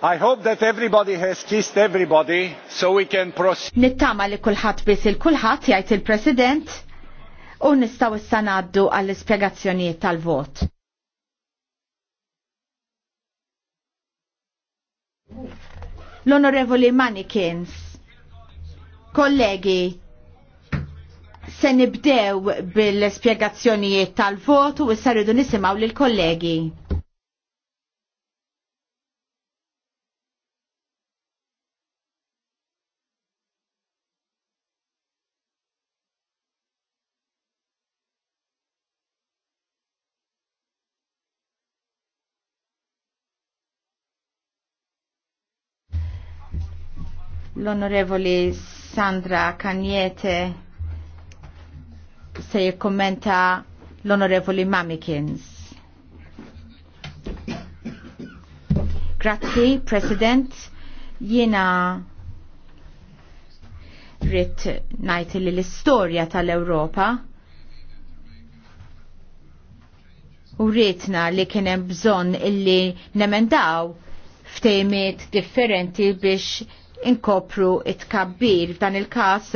I hope that everybody has kissed everybody so we can proceed. Nittama li kulħadd biss il-kulħadd jgħid il-President u nistgħu issa ngħaddu għall-ispjegazzjonijiet tal-vot. L-Onorevoli Manikins, kollegi, se nibdew bil-spjegazzjonijiet tal-vot u issa rridu nisimgħu lill-kollegi. L-Onorevoli Sandra Kanjete se jikkommenta l-Onorevoli Mamikins. Grazzi, President. Jiena rrit najt li l-istorja tal-Europa u rritna li kienem bżon illi nemendaw ftejmiet differenti biex inkopru it tkabbir F'dan il każ